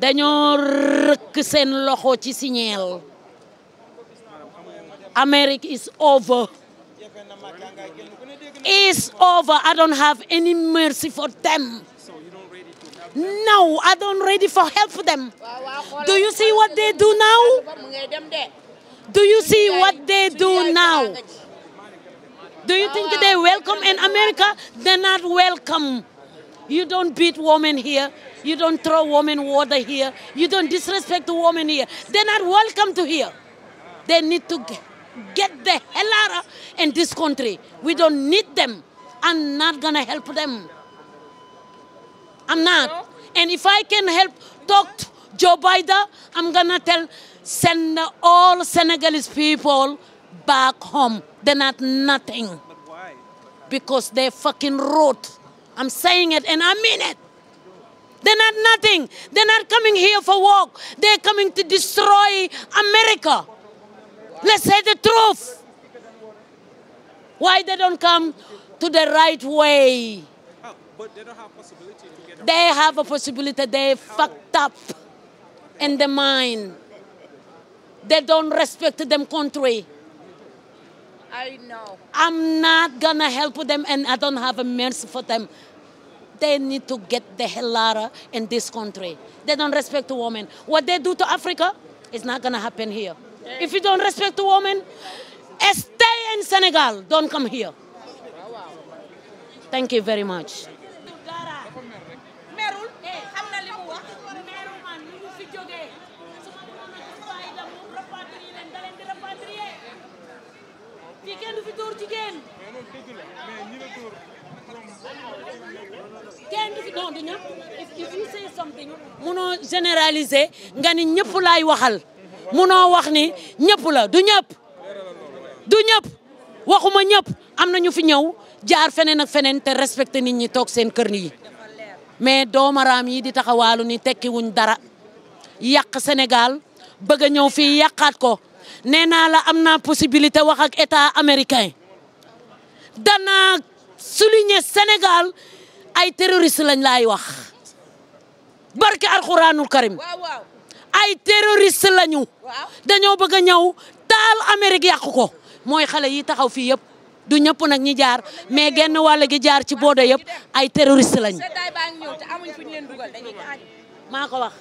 dañoo rëkk seen loxo ci signal America is over It's over. I don't have any mercy for them. No, I don't ready for help them. Do you see what they do now? Do you see what they do now? Do you think they welcome in America? They're not welcome. You don't beat women here. You don't throw women water here. You don't women to here. They need to get get the hell out in this country. We don't need them. I'm not going to help them. I'm not. And if I can help talk to Joe Biden, I'm going to tell send all Senegalese people back home. They're not nothing. But why? Because they're fucking rot. I'm saying it and I mean it. They're not nothing. They're not coming here for work. They're coming to destroy America. Let's say the truth. Why they don't come to the right way? Oh, but they don't have possibility to get They have a possibility. They fucked up in the mind. They don't respect them country. I know. I'm not gonna help them and I don't have a mercy for them. They need to get the hell out in this country. They don't respect women. What they do to Africa is not gonna happen here. If you don't respect a woman, eh, in Senegal. Don't come here. Thank you very much. fii kenn du fi dóor jigéen kenn du fi non du ñëpp nga ni ñëpp laay waxal mu munoo wax ni ñëpp la du ñëpp du ñëpp waxuma ñëpp am na ñu fi ñëw jaar feneen ak feneen te respecté nit ñi toog seen kër yi mais doomaraam yi di taxawaalu ni tekki wuñ dara yàq Sénégal bëgg a ñëw fii yàqaat ko nee naa la am na possibilité wax ak état américain danaa souligner Sénégal ay terroriste lañ laay wax barke alxuraanul karim ay terroriste lañu. dañoo bëgg a ñëw taal Amérique yàq ko mooy xale yi taxaw fii yëpp du ñëpp nag ñi jaar mais genn walla gi jaar ci boodo yëpp ay terroriste lañu. maa ko wax.